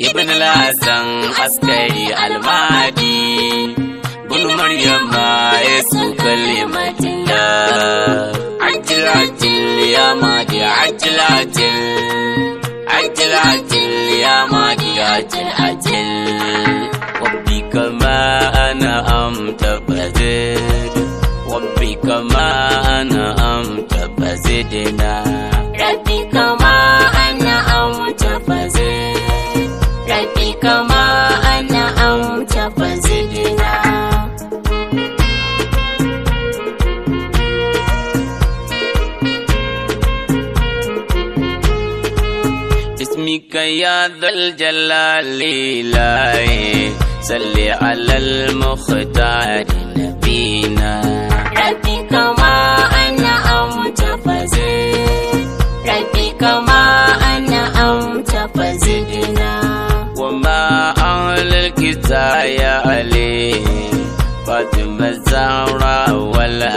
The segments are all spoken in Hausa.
ibn lasan askari almadi bin maryama ya su kalimatin da ajilatil ya madi ajilatil ajilatil ya madi ajil ajil wabbi kama ana amta bazid wabbi kama ana amta bazidina يا ذا الجلال إلهي صلي على المختار نبينا ربي كما أنا أم فزي ربي كما أنا أمت فزدنا وما أهل الكتاب علي فاطمة الزهراء ولا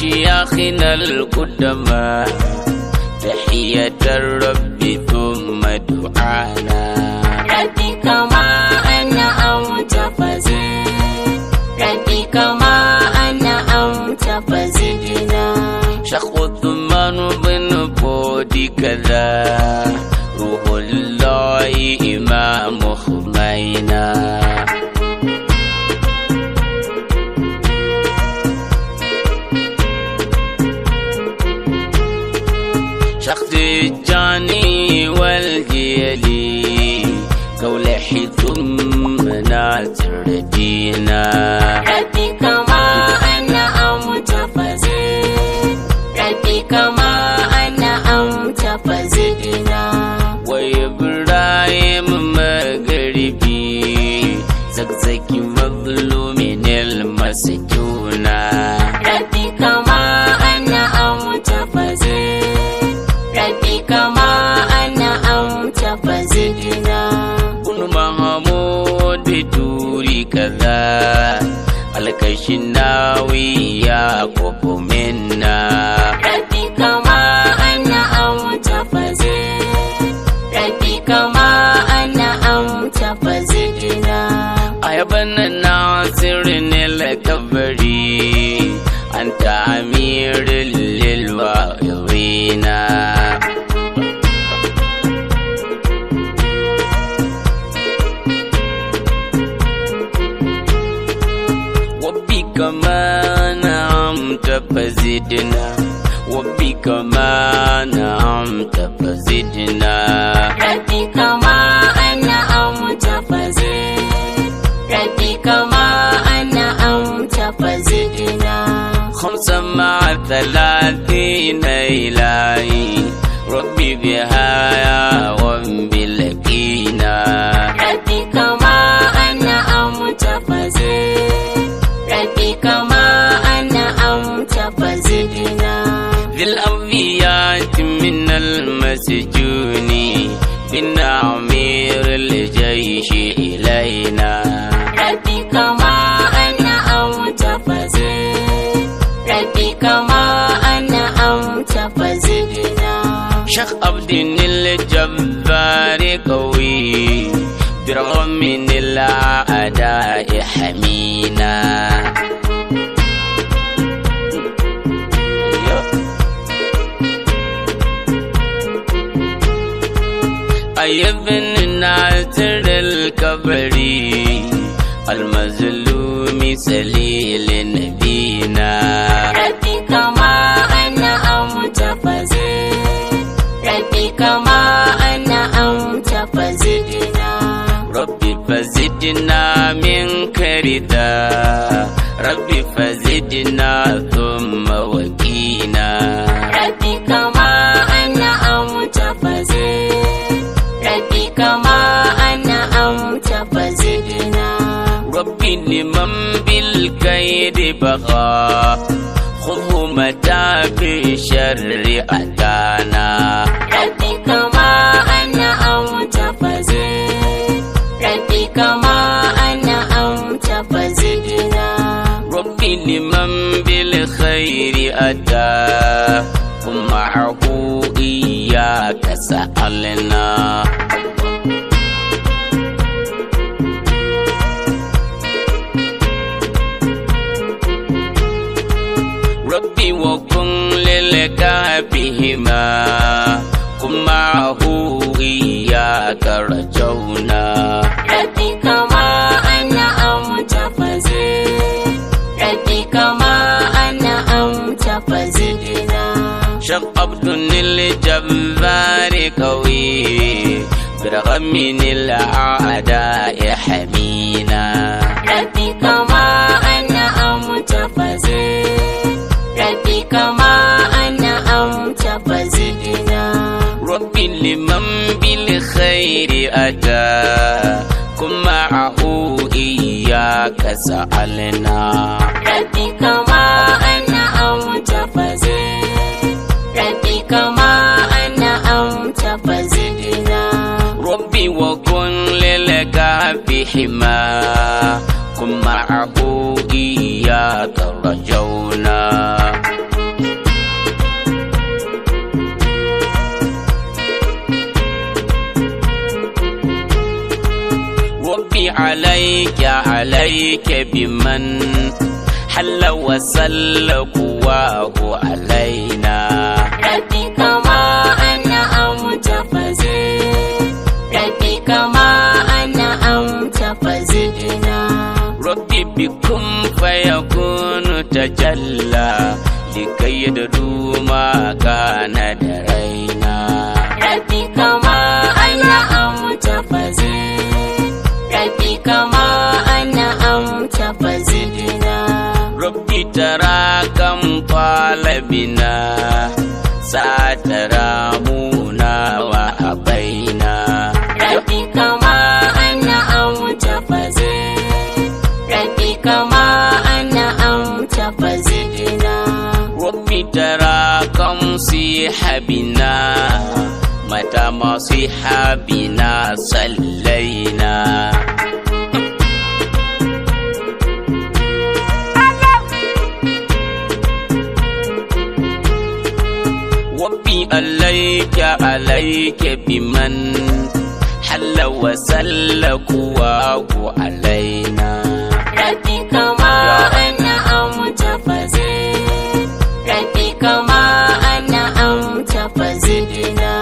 شياخنا القدماء تحية الرب ثم دعانا ربي كما أنا أنت فزد ربك ما أنا أنت فزدنا شخوة ثمان نبن بودي كذا rabbina rabbi kama ana amu fazi rabbi kama ana amu amta fazidina wa ibrahim magaribi, zakzaki mazlumin al-masjid kashinawiya ko kuminna rabbi kama ana amta faze rabbi kama ana amta fazidina ayabana ne lakabari an ta amirul lilwa wa'izina zidina wa bika ma na'amta fa zidina rabbi kama kama zidina khamsa thalathina ilahi rabbi سجوني إن أمير الجيش إلينا ربي كما أنا أمت فزد ربي أنا أمت شيخ عبد الجبار قوي برغم من الأعداء حمينا ibn natir al-kabari al-mazlumi salilin nabina rabbi kama ana amta fazi rabbi kama ana amta fazidina rabbi fazidina min karida rabbi fazidina thumma بالكيد بغى خذه متى في شر أتانا ربي كما أنا أو تفزد ربي كما أنا أو تفزدنا ربي لمن بالخير أتى ومعه إياك سألنا وكن للكافهما كن معه إياك رجونا ربي أنا أنا عبد قوي برغم من الأعداء حمينا ربي كما Kumbili kairi ata, kuma a hukumiyar ya san ale na. Rabi kama ana aun tafaze. Rabi kama ana aun tafaze gida. Rabi wa kun lele ka bihi kuma a hukumiyar ta rajo Alaike alaike biman halawa sallah kuwa ko alaina. Raɓika ma ana amsa kwashe. Raɓika ma ana amsa kwashe ina. Rufe bikin baya kunu ta jalla, likayya da duma na da raina. malabina satara muna wa a baina rabi kama ana amta faze rabi kama ana amta faze ina rabbi tara kam si habina mata masu habina sallaina alaike alaike biman halla wa kuwa ku alaina rabbi kama ana amta faze rabbi kama ana amta faze dina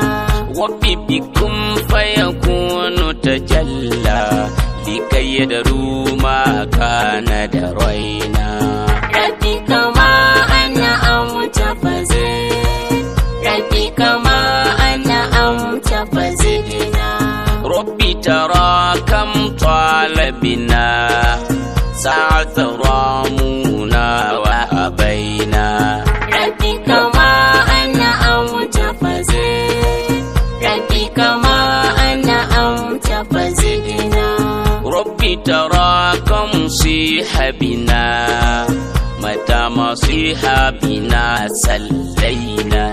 wa bibi kum fa yakunu tajalla likayadru ma kana da raina ترى كم طال بنا سعة رامونا وأبينا ربي كما أنا أو تفزي ربي كما أنا أو تفزينا ربي ترى كم صيح بنا متى مصيح بنا سلينا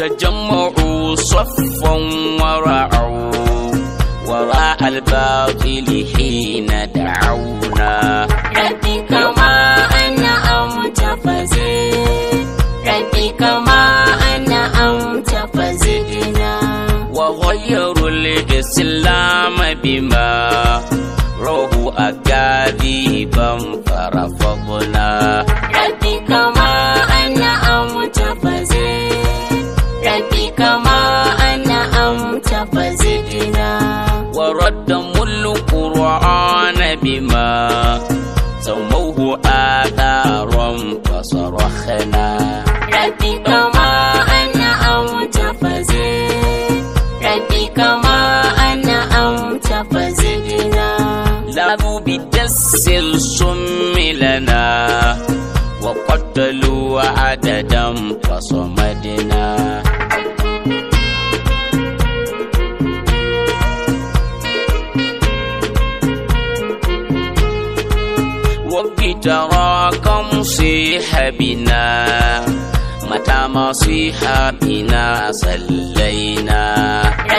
تجمعوا صفا ورعوا وراء الباطل حين دعونا ربي كما أنا أم فزد ربي كما أنا أم فزدنا وغير الإسلام بما روه أكاذيبا فرفضنا ربي كما سر سم لنا وقتلوا عددا فصمدنا وبتراكم صيح بنا متى ما صيح بنا صلينا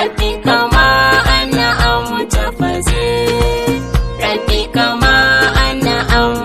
ربي كما أن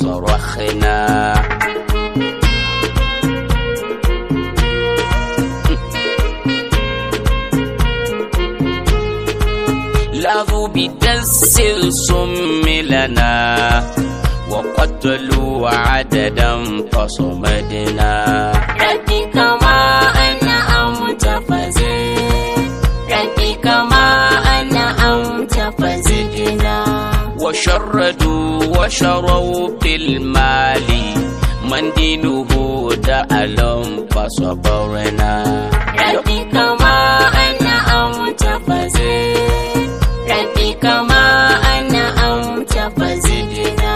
صرخنا لاغوا بدس الصم لنا وقتلوا عددا فصمدنا وشردوا وشروا بالمال من دينه تعلم فصبرنا ربي كما أنا أمت فزيد ربي كما أنا أمت فزدنا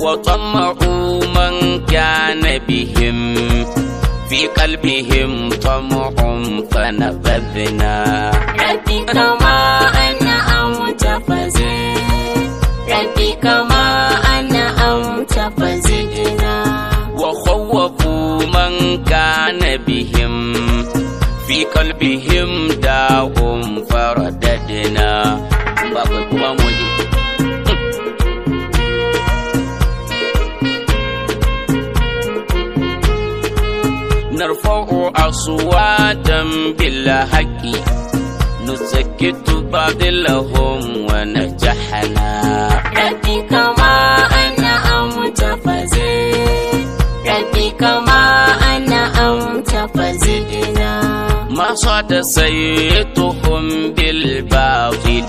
وطمعوا من كان بهم في قلبهم طمع فنبذنا ربي كما أنا الكهف كما أنعمت فزدنا وخوفوا من كان بهم في قلبهم داهم فرددنا بابا كما موجود نرفع أصواتا بالحق نسكت بعض لهم ونجحنا ردي كما أنا أم فزي ردي كما أنا أم فزدنا ما صاد سيئتهم بالباطل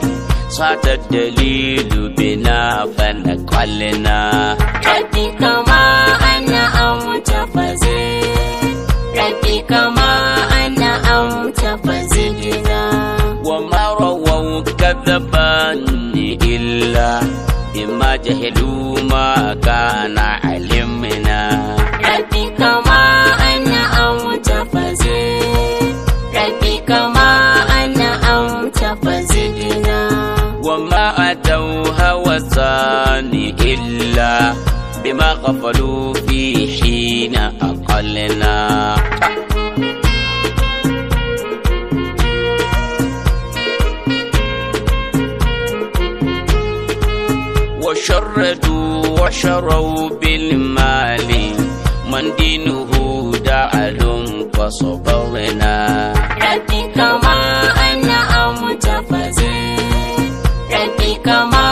صاد الدليل بنا فنقلنا ردي كما أنا أم فزي ردي كما وجهلوا ما كان علمنا ربي كما أنا أو تفزي ربي كما أنا أو تفزينا وما أتوا هوسان إلا بما غفلوا في حين أقلنا شردوا وشروا بالمال من دينه دعا لهم فصبرنا ربي كما أنا أم فزد ربي كما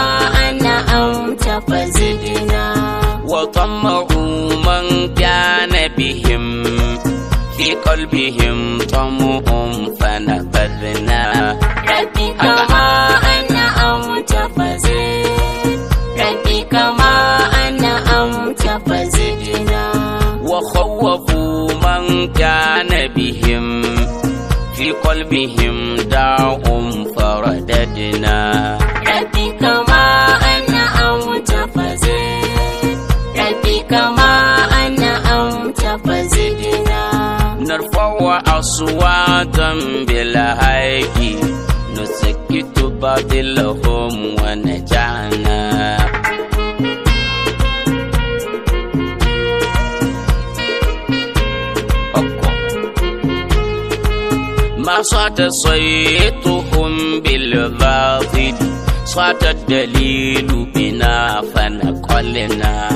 أنا أم تفزينا وطمعوا من كان بهم في قلبهم طمعهم فنفذنا bihim da um faradadna rabbi kama anna am tafazi rabbi kama anna am tafazidna narfa wa aswatan bil haqi nusakitu badil hum wa سات صيتهم بالباطل سات الدليل بنا فنقلنا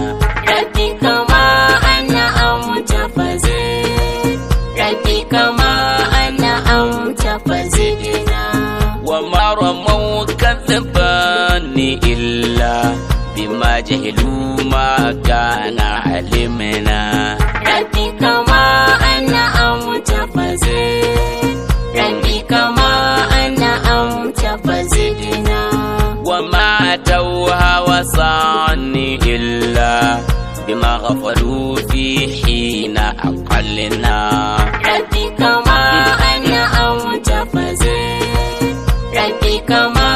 ربي كما أنا أم فزيد ربي كما أنا أم فزدنا وما رموا كذباني إلا بما جهلوا ما كان علمنا ربي كما أنا ni illa bima ghafalu a hina aqallina ratika ma anna am tafaze ratika ma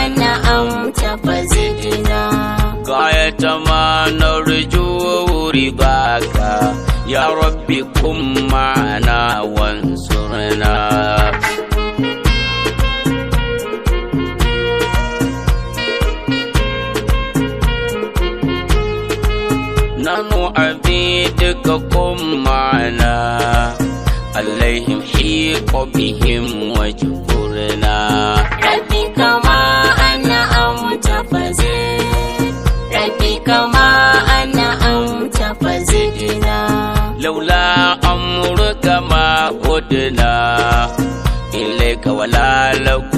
anna am tafaze dina gaya tama na rujuwuri baka ya rabbi kum ma ka kummana alaihim hiko bihim wa jukurna rabbi kama ana amta faze rabbi kama ana amta faze ina laula amru kama udna ilaika wala lak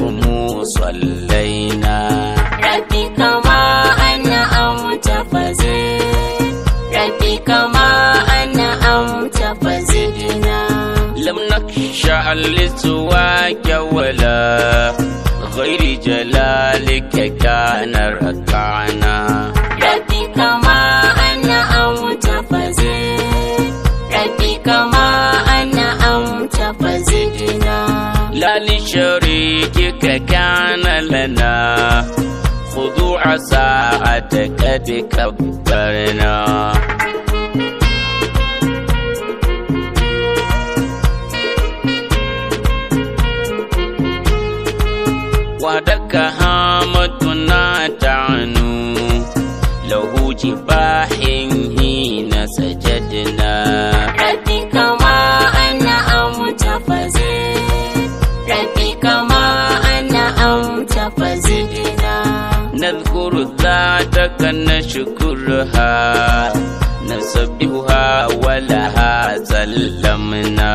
حلت واك ولا غير جلالك كان ركعنا ربي كما أنا أو تفزي ربي كما أنا أو تفزينا لا لشريكك كان لنا خضوع ساعتك بكبرنا كهامتنا تعنو له جباح حين سجدنا ربي كما أنا أمت فزد ربي كما أنا أمت فزدنا نذكر ذاتك نشكرها نسبحها ولها سلمنا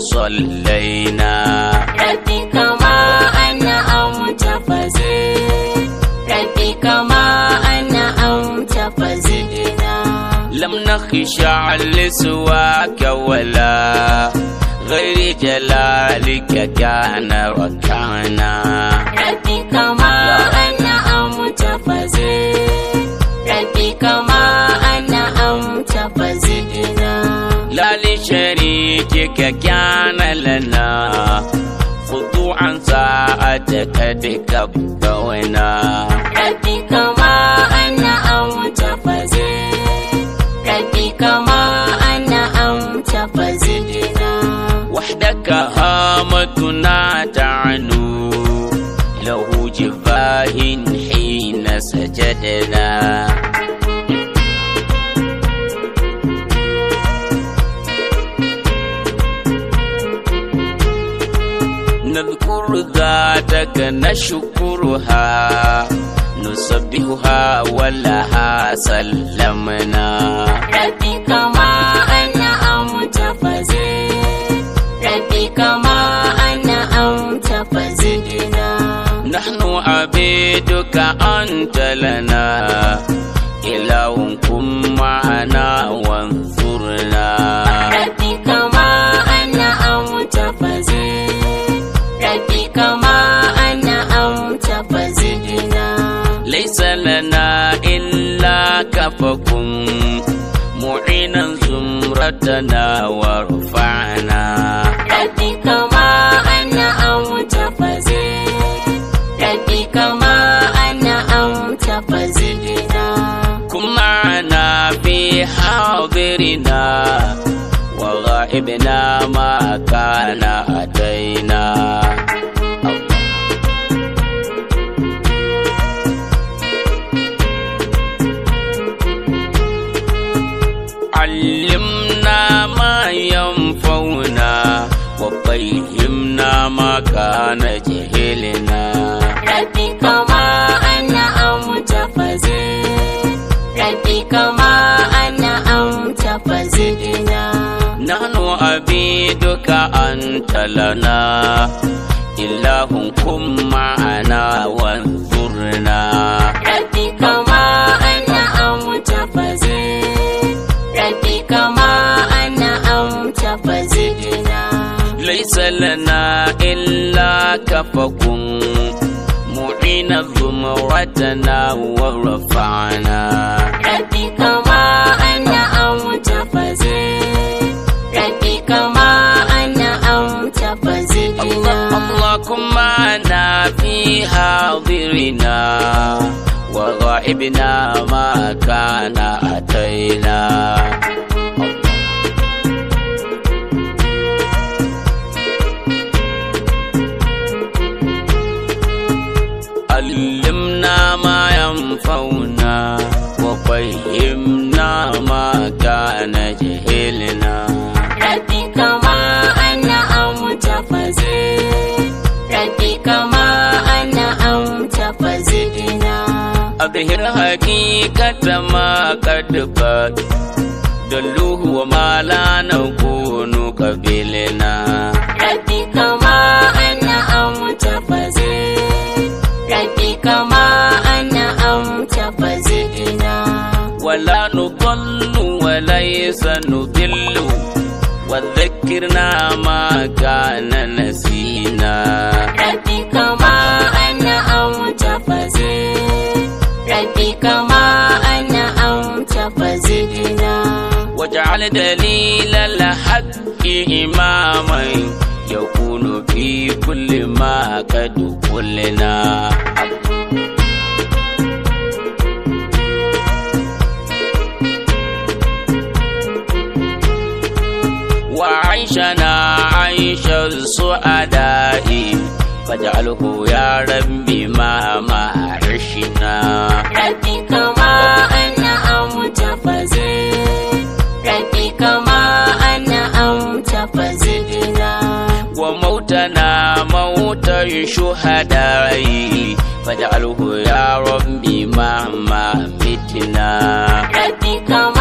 صلينا ربي كما أنعمت فزدنا ربي كما أنعمت فزدنا لم نخش نخشع سواك ولا غير جلالك كان ركعنا ربي كما أنعمت فزدنا kika kyana lana an sa'ata ka duka gauna rabbi kama ana amta faze rabbi kama ana amta faze wahdaka hamatuna ta'anu lahu jifahin hina sajadana buga daga na shukuruha nusabbihuha walaha sallamna rabbi kama ana amta faze rabbi kama ana tafaze fazidina nahnu abiduka anta lana ilahun kuma ana kafakum mu'inan zumratana wa rufa'ana katika ma anna am tafazi katika ma anna am tafazi jina kuma na fi hadirina wa ghaibina ma kana ataina himna maka na jihilina. rabbi kama ana amta faze rabbi kama ana amta fazidina nanu abiduka an talana, ilahun kun ma'ana wanzurna rabbi kama ana amta faze salana illa kafakun mu'ina zumuratana wa rafa'ana rabbi kama anna am tafaze rabbi kama anna am tafaze kuma na fi hadirina wa ghaibina ma kana ataina kawai himna mata na jihilina rabbi kama ana amta faze rabbi kama ana amta fazidina abhir haqiqata ma qad fat dalluhu wa ma la nakunu qabilina سنضل وذكرنا ما كان نسينا ربي كما أنا أنت فزد ربي كما أنا أنت فزدنا واجعل دليل الحق إماما يكون في كل ما قد قلنا aisha na aishar su a ada'i faj'alhu ya rabbi ma maharshina rabbi kama ana amta faze rabbi kama ana amta fazina wa mautana mautar shuhada'i faj'alhu ya rabbi ma mamitna rabbi kama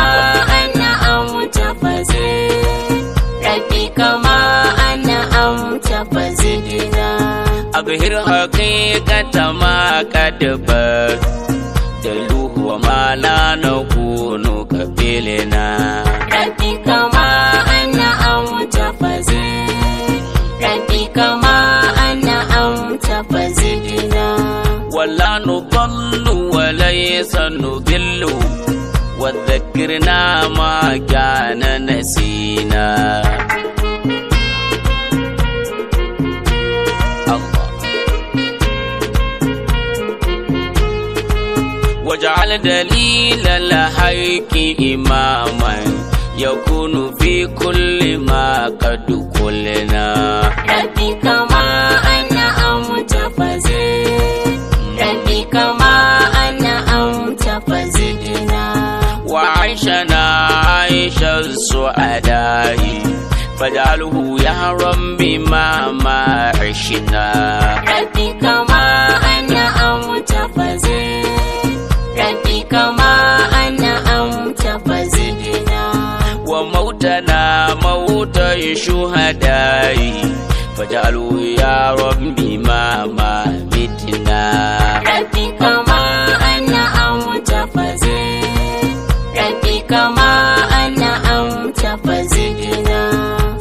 zuhir hakika ta ma kadaba da luhu ma na na kunu kabile na dakika ma anna am tafazi dakika ma anna am tafazi na wala nu dallu wala yasnu dillu wa dhakkirna ma kana nasina dakika Al dalilan haiki imaman ya kunu fi kulli ma ka dukullina. Rabbi kama ana amuta faze, Rabbi kama ana amuta faze dina. Wa aisha na aisha su adahi, fajalhu ya rambi ma ma aishina. Rabbi kama tai shuhadai fajalu ya rabbi ma ma mitina rabbi kama anna am tafazi rabbi kama anna am tafazi gina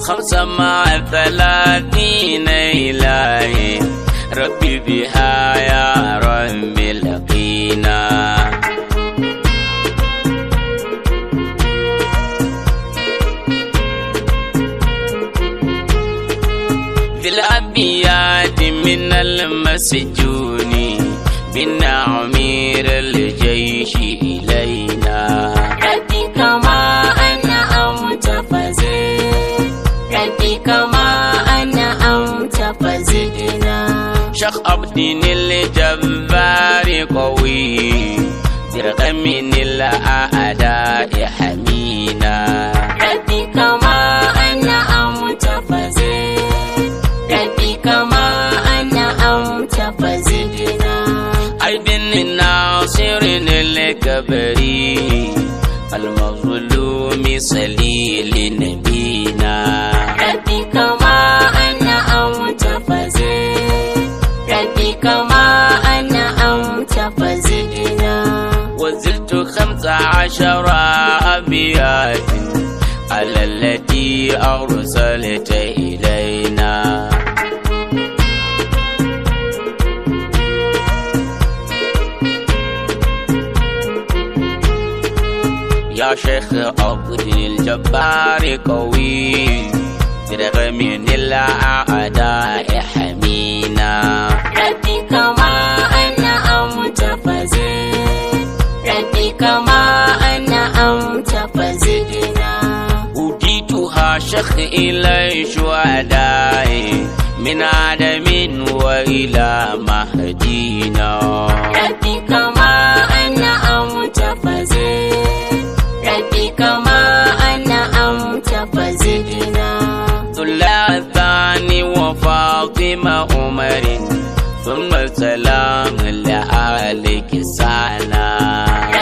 khamsa ma thalathin ilahi rabbi biha ya rabbi laqina من المسجون من عمير الجيش إلينا ربي ما أنا أمت فزد ربي ما أنا أمت فزدنا شخ أبدين الجبار قوي درقم من الأعلى من ناصر الكبري المظلوم سليل لنبينا ربي كما أنا أمت فزي ربي كما أنا أمت فزينا وزلت خمس عشر أبيات على التي أرسلت إلينا شيخ أبو الدين الجبار قوي برغم من الأعداء حمينا ربي كما أنا أم تفزي ربي كما أنا أمت فزدنا أوديتها شيخ إلى شهدائي من عدم وإلى مهدينا ربي كما ma umari sun masalamun la'aliki salam